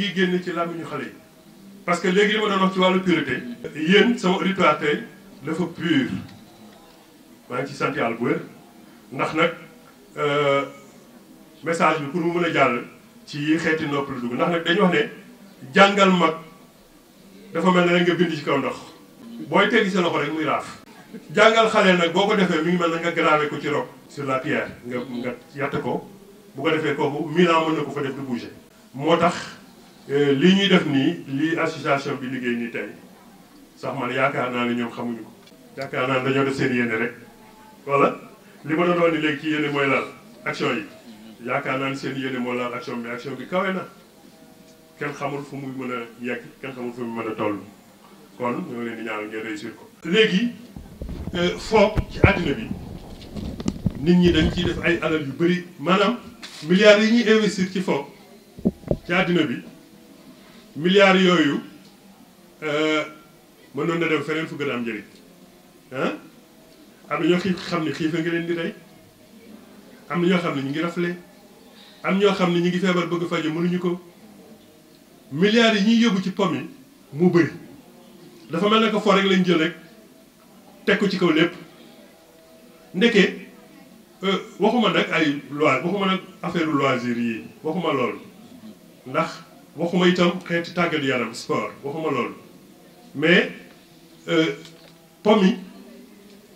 ngi génn ci làmmiñu xale yi parce que léegi li ma doon wax ci wàllu pureté yéen sama auditoire tey dafa pur maa ngi ci sant yàlla bu wér ndax nag euh, message bi pour mu mën a jàll ci xeeti nopp la dugg ndax nag dañu wax ne jàngal mag dafa mel ne rek nga bind ci kaw ndox booy teggi sa loxo rek muy raaf jàngal xale nag boo ko defee mi ngi mel na nga gravé ko ci roc sur la pierre nga nga yatt ko bu ko defee kooku mille ans mën na ko fa def du bouger moo tax Euh, lii ñuy def nii lii association bi liggéey nii tey sax man yaakaar naa ne ñoom xamuñu ko yaakaar naa ne dañoo def seen yéene rek voilà li ma doon wax ni léegi ci yéene mooy laal action yi yaakaar naa ne seen yéene moo laal action bi action bi kawe na kenn xamul fu muy mën a yegg kenn xamul fu muy mën a toll kon ñoo leen di ñaanal ngeen réussir ko. léegi euh, foog ci àddina bi nit ñi dañ ciy def ay alal yu bëri maanaam milliards yi ñuy investir ci foog ci àddina bi. milliards yooyu euh, mënoon na dem feneen fu gën a am njëriñ ah am na ñoo xam ne xiif a ngi leen di rey am na ñoo xam ne ñu ngi rafle am ñoo xam ne ñu ngi feebar bëgg faju mënuñu ko milliards yi ñuy yóbbu ci pom yi mu bëri dafa mel ne ko foo rek lañ jël rek teg ci kaw lépp ndeke euh, waxuma nag ay loi waxuma nag affaire loisir yi waxuma loolu ndax waxuma itam xeeti tàggat yaram sport waxuma loolu mais euh, PAMI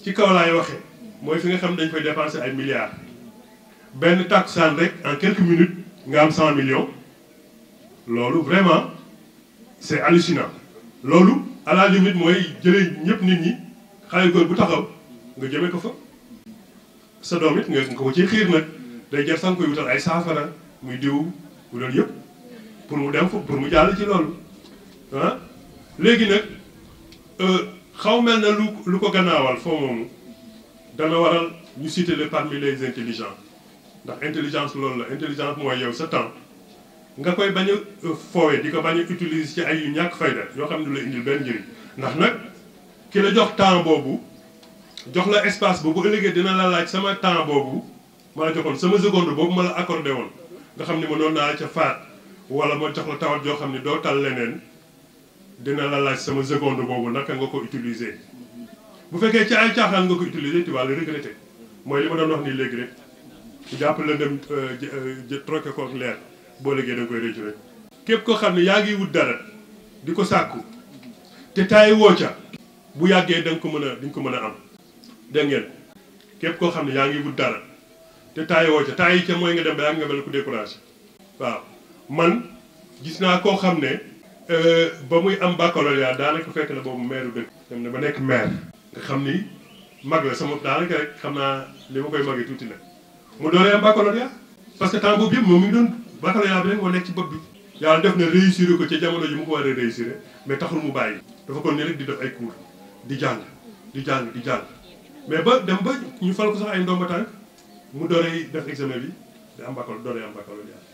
ci kaw laay waxee mooy fi nga xam dañ koy dépenser ay milliards benn takkusaan rek en quelques minutes nga am cent millions loolu vraiment c'est hallucinant loolu à la limite mooy jëlee ñëpp nit ñi xale góor bu taxaw nga jëmee ko fa sa doom it nga ko ci xiir nag day jar sax koy wutal ay saafara muy diw bu loolu yëpp pour mu dem pour mu jàll ci loolu ah léegi nag euh, xaw mel na lu lu ko gannaawal foo moomu dana waral ñu citer le parmi les intelligents ndax intelligence loolu la intelligence mooy yow sa temps nga koy bañ a euh, foowee di ko bañ a utiliser ci ay yu ñàkk fayda yoo xam ne du la indil benn njëriñ ndax nag ki la jox temps boobu jox la espace boobu ëllëgee dina la laaj sama temps boobu ma la joxoon sama seconde boobu ma la accordé woon nga xam ne mënoon naa wala moo jox la tawat joo xam ne doo tal leneen dina la laaj sama seconde boobu naka nga ko utiliser bu fekkee ci ay caaxaan nga ko utiliser tu vas le regretter mooy li ma doon wax nii léegi rek jàpp la dem euh, euh, troqué ko ak leer boo léegi da nga koy rëccu képp koo xam ne yaa ngi wut dara di ko sàkku te taay woo ca bu yàggee da ko mën a di ko mën a am dégg ngeen képp koo xam ne yaa ngi wut dara te taay woo ca taay yi ca mooy nga dem ba yàgg nga mel ku waaw man gis naa koo xam ne euh, ba muy am baccalauréat daanaka fekk na boobu maire dëkk dem na ba nekk maire nga xam ni mag la sama daanaka rek xam naa li ma koy magee tuuti la mu dooree am parce que temps boobu yëpp moom mi ngi doon baccalauréat bi rek ci bopp bi yàlla def na réussir ko ca jamono ji mu ko war a mais taxul mu bàyyi dafa kon ne di def ay cours di jàng di jàng di jàng mais ba dem ba ñu fal sax ay ndomba tànk mu dooree def bi di am baccalauréat dooree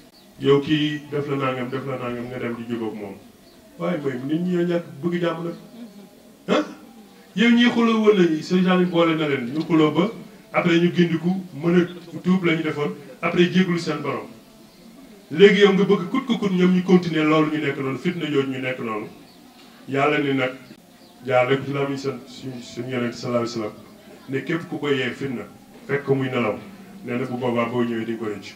yow kii def la nangam def la nangam nga dem di jubóog moom waaye mooy nit ñi ñoo ñàkk bëgg jàmm nag ah yow ñii xuloo wala ñi seytaane boole na leen ñu xuloo ba après ñu gindiku mën a tuub lañu defoon après jéglu seen borom léegi yow nga bëgg kut ko kut ñoom ñu continuer loolu ñu nekk noonu fitna jooju ñu nekk noonu yàlla ni nag jaar rek ci lamiñ seen suñ suñu yonent sallallahu alayhi wasallam ne képp ku ko yee fitna fekk ko muy nelaw nee na bu boobaa boo ñëwee di ko rëcc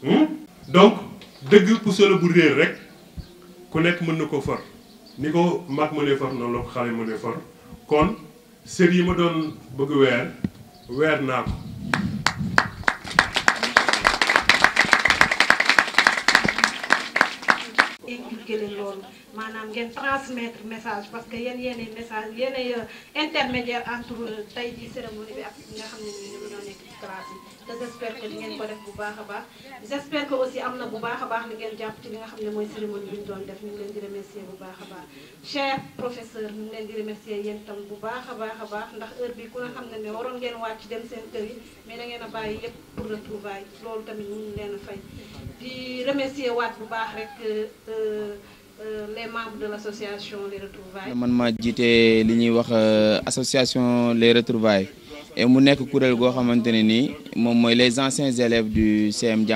hmm? donc deug dëgg pusala bu réer rek ku nek mën nako ko niko mak ko mag non for noonu la ko xale mënee kon sér yi ma doon bëgg wër wër naa ko inculqué leen loolu maanaam ngeen transmettre message parce que yéen yéenay message yéenay euh, intermédiaire entre euh, tey jii cérémonie bi ak nga xam ne ñoo nekk classe yi te j'espère que li ngeen ko def bu baax a baax j'espère que aussi am na bu baax a baax li ngeen jàpp ci li nga xam ne mooy cérémonie bi ñu doon def ñu ngi leen di remercier bu baax a baax cher professeur ñu ngi leen di remercier yéen tam bu baax a baax a baax ndax heure bi ku ne xam ne ne waroon ngeen wàcc dem seen kër yi mais da ngeen a bàyyi yépp pour retrouvailles loolu tamit ñu ngi leen fay di remercier waat bu baax rek euh, euh, les membres de l'association les retrouvailles man maa jiite li ñuy wax euh, association les retrouvailles et mu nek kuréel go xamanteni ni mom moy les anciens élèves du CM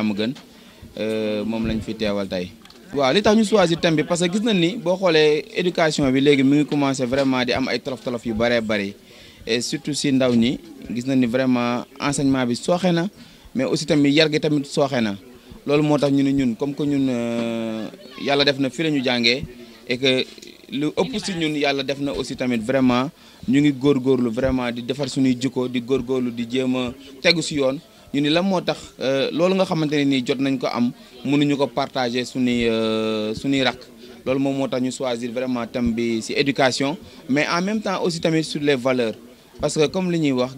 euh mom lañ fi téwal tay wa li tax ñu choisir thème bi parce que gis nañ ni bo xolé éducation bi légui mi ngi commencer vraiment di am ay tolof tolof yu bëree bëri et surtout si ndaw ni gis nañ ni vraiment enseignement bi sooxe na mais aussi tamit yar gi tamit sooxe na loolu moo ñu ni ñun comme que ñun euh, yalla def na fi lañu jangé et que le avons ñun aussi tamit vraiment ñu ngi gorlu vraiment di défar suñu jikko di gorlu di jema tegu yoon ñu ni euh, nga xamanteni ni jot nañ ko am partager vraiment éducation mais en même temps aussi sur les valeurs parce que comme li wax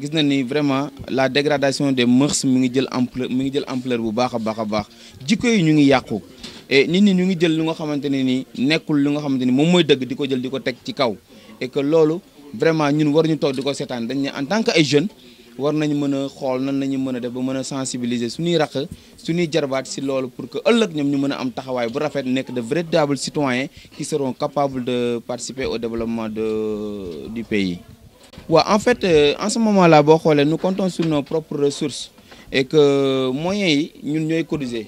vraiment la dégradation des mœurs mi ngi jël ampleur mi ngi jël ampleur bu et nit ñi ñu ngi jël li nga xamante ne nii nekkul li nga xamante ni moom mooy dëgg di ko jël di ko teg ci kaw et que loolu vraiment ñun war ñu toog di ko seetaan dañ ne en tant que ay jeunes war nañ mën a xool nan la ñu mën a def ba mën a sensibiliser suñuy raq suñuy jarbaat si loolu pour que ëllëg ñoom ñu mën a am taxawaay bu rafet nekk de véritables citoyens qui seron capables de participer au développement de du pays. waaw en fait euh, en ce moment boo xoolee nous comptons sur nos propres ressources et que moyens yi ñun ñooy cotiser.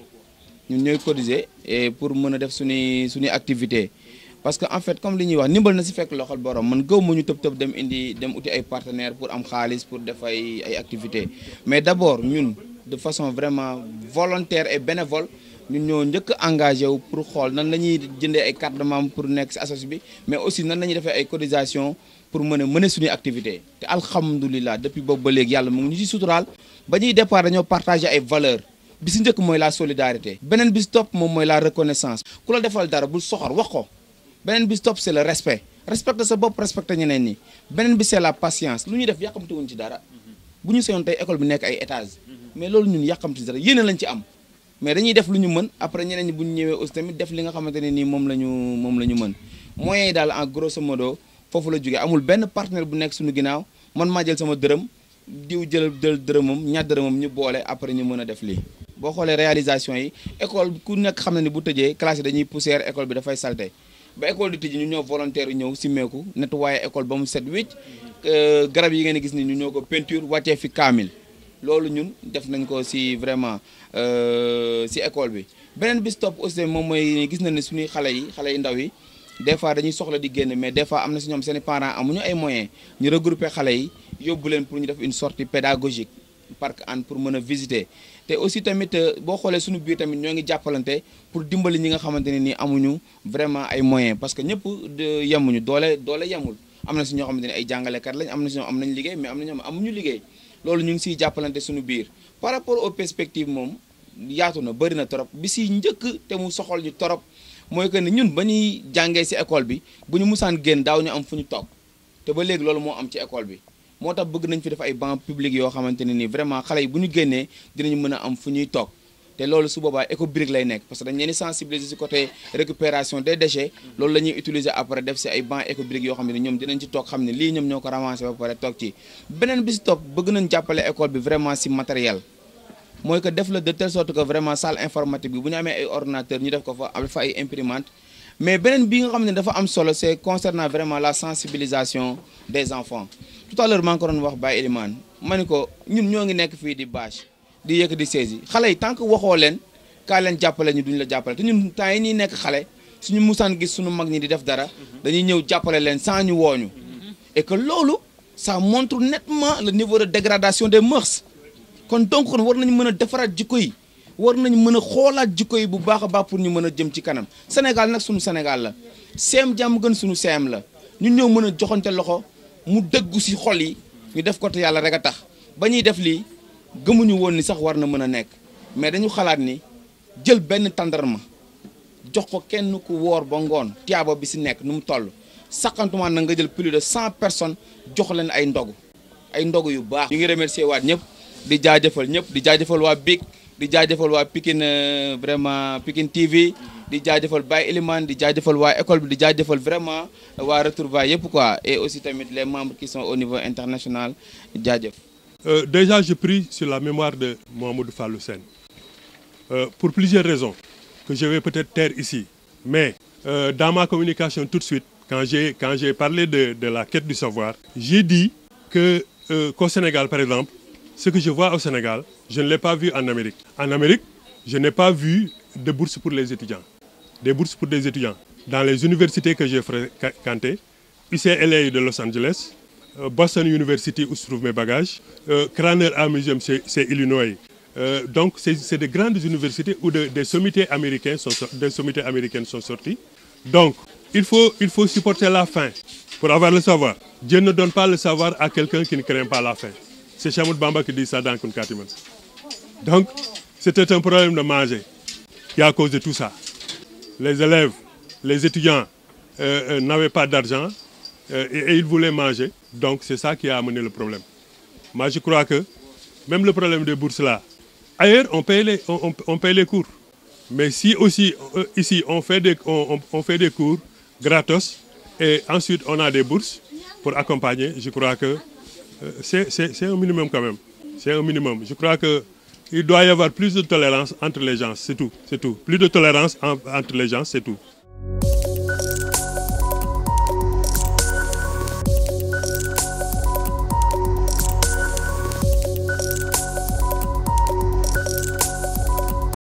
ñun ñooy cotiser et pour mon a def suñuy activité parce que en fait comme li ñuy wax n'est na si fekk loxol borom man gëw ma ñu top dem indi dem uti ay partenaire pour am xaalis pour def ay ay mais d'abord abord ñun de façon vraiment volontaire et bénévole ñun ñoo njëkk engagé wu pour col nan la ñuy jëndee ay carte de membre pour next associé association bi mais aussi nan la de faire ay cotisation pour mën a mëne activité te depuis boobu ba léegi yàlla mu ngi ñu si suturaal ba ñuy départ dañoo partagé ay valeurs bi si njëkk mooy la solidarité beneen bi si topp moom mooy la reconnaissance ku la defal dara bul soxor wax ko beneen bi si topp c'est respect respecte sa bopp respecte ñeneen nii beneen bi c'est la patience lu ñuy def yàqamti wuñ ci dara bu ñu seyoon tey école bi nekk ay étage mais loolu ñun yàqamti dara yéene lañ ci am mais dañuy def lu ñu mën après ñeneen ñi bu ñu ñëwee aussi tamit def li nga xamante ne nii moom la ñu moom la ñu mën moyens yi daal en grosso modo foofu la jógee amul benn partenaire bu nekk suñu ginnaaw man maa jël sama dërëm diw jël jël dërëmam ñaar dërëmam ñu boole après ñu mën a def lii boo xoolee réalisation yi école ku nekk xam na ni bu tëjee classe yi dañuy poussière école bi dafay salte ba école di tëj ñu ñoo volontaire ñëw meeku nettoyé école ba mu set wicc euh, garab yi ngeen gis ni ñu ñoo ko peinture wàccee fi kaamil loolu ñun def nañ ko si vraiment euh, si école bi beneen bistop topp moom mooy gis na ne suñuy xale yi xale yi ndaw yi des fois dañuy soxla di génn mais des fois am na si ñoom seen i parents amuñu ay moyens ñu regrouper xale yi yóbbu leen pour ñu def une sortie pédagogique parc an pour mën a visiter te aussi tamit euh, boo xoolee suñu biir tamit ñoo ngi jàppalante pour dimbali ñi nga xamante ne nii amuñu vraiment ay moyens parce que ñëpp yemuñu doole doole yemul am na si ñoo xamante ne ay jàngalekat lañ am na si ñoom am nañ liggéey mais am na ñoom amuñu liggéey loolu ñu ngi siy jàppalante suñu biir par rapport aux moom yaatu na bëri na torop bi si njëkk te mu soxal ñu torop mooy que ni ñun ba ñuy jàngee ci école bi bu ñu musaan génn daaw ñu am fu ñu toog te ba léegi loolu moo am ci école bi moo tax bëgg nañ fi def ay bancs publics yoo xamante ne nii vraiment xale yi bu ñu génnee dinañu mën a am fu ñuy toog te loolu su boobaa éco-brique lay nekk parce que dañ leen di sensibiliser ci côté récupération des déchets loolu la ñuy utiliser après def ci ay ban éco-brique yoo xam ne ñoom dinañ ci toog xam ne lii ñoom ñoo ko ramasser ba pare toog ci bi ci bëgg nañ jàppale école bi vraiment ci matériel moy que def la de telle sorte que vraiment salle informatique bi bu ñu ay ordinateur ñu def ko fa am fa ay imprimante mais benen bi nga xamné dafa am solo c'est concernant vraiment la sensibilisation des enfants tout à l'heure man ko doon wax Baye eliman maniko ñun ñogi nek fi di bâche di yëkk di saisi xalé tant que waxo len ka len jappalé ñu duñ la jappalé te ñun temps yi ñuy nekk xale suñu musaan gis suñu mag ñi di def dara dañuy ñëw jappalé len sans ñu woñu et que lolu ça montre nettement le niveau de dégradation des mœurs kon donc kon war nañ mën a defaraat jikko yi war nañ mën a xoolaat jikko yi bu baax a baax pour ñu mën a jëm ci kanam Sénégal nag sunu Sénégal la seem jàmm gën sunu seem la ñu ñëw mën a joxante loxo mu dëggu si xol yi ñu def ko te yàlla rek a tax ba ñuy def lii gëmuñu woon ni sax war na mën a nekk mais dañu xalaat ni jël benn tàndarma jox ko kenn ku woor ba ngoon tiyaaba bi si nekk nu mu toll saqantumaa na nga jël plus de cent personnes jox leen ay ndogu ay ndogu yu baax ñu ngi remercier waat ñëpp di jaajëfal ñëpp di jaajëfal waa BIC di jaajëfal waa Pikine euh, vraiment Pikine TV di jaajëfal Baye Elimane di jaajëfal waa école bi di jaajëfal vraiment waa retrouvailles yëpp quoi et aussi tamit les membres qui sont au niveau international euh, déjà je prie sur la mémoire de Mohamed Fallou Sen. Euh, pour plusieurs raisons que je vais peut-être taire ici mais dans ma communication tout de suite quand j'ai quand j'ai parlé de de la quête du savoir j'ai dit que qu'au Sénégal par exemple ce que je vois au Sénégal, je ne l'ai pas vu en Amérique. En Amérique, je n'ai pas vu de bourse pour les étudiants. Des bourses pour des étudiants. Dans les universités que j'ai fréquentées, UCLA de Los Angeles, euh, Boston University où se trouvent mes bagages, euh, Craner Art Museum, c'est Illinois. Euh, donc, c'est des grandes universités où des, sommités américains sont, des américaines sont sorties. Donc, il faut, il faut supporter la faim pour avoir le savoir. Dieu ne donne pas le savoir à quelqu'un qui ne craint pas la faim. C'est Chamoud Bamba qui dit ça dans Kunkatiman. Donc, c'était un problème de manger qui a cause de tout ça. Les élèves, les étudiants euh, euh, n'avaient pas d'argent euh, et, ils voulaient manger. Donc, c'est ça qui a amené le problème. Moi, je crois que même le problème des bourses là, ailleurs, on paye les, on, paye les cours. Mais si aussi, ici, on fait des, on fait des cours gratos et ensuite on a des bourses pour accompagner, je crois que euh, c'est un minimum quand même. C'est un minimum. Je crois qu'il doit y avoir plus de tolérance entre les gens, c'est tout. C'est tout. Plus de tolérance entre les gens, c'est tout.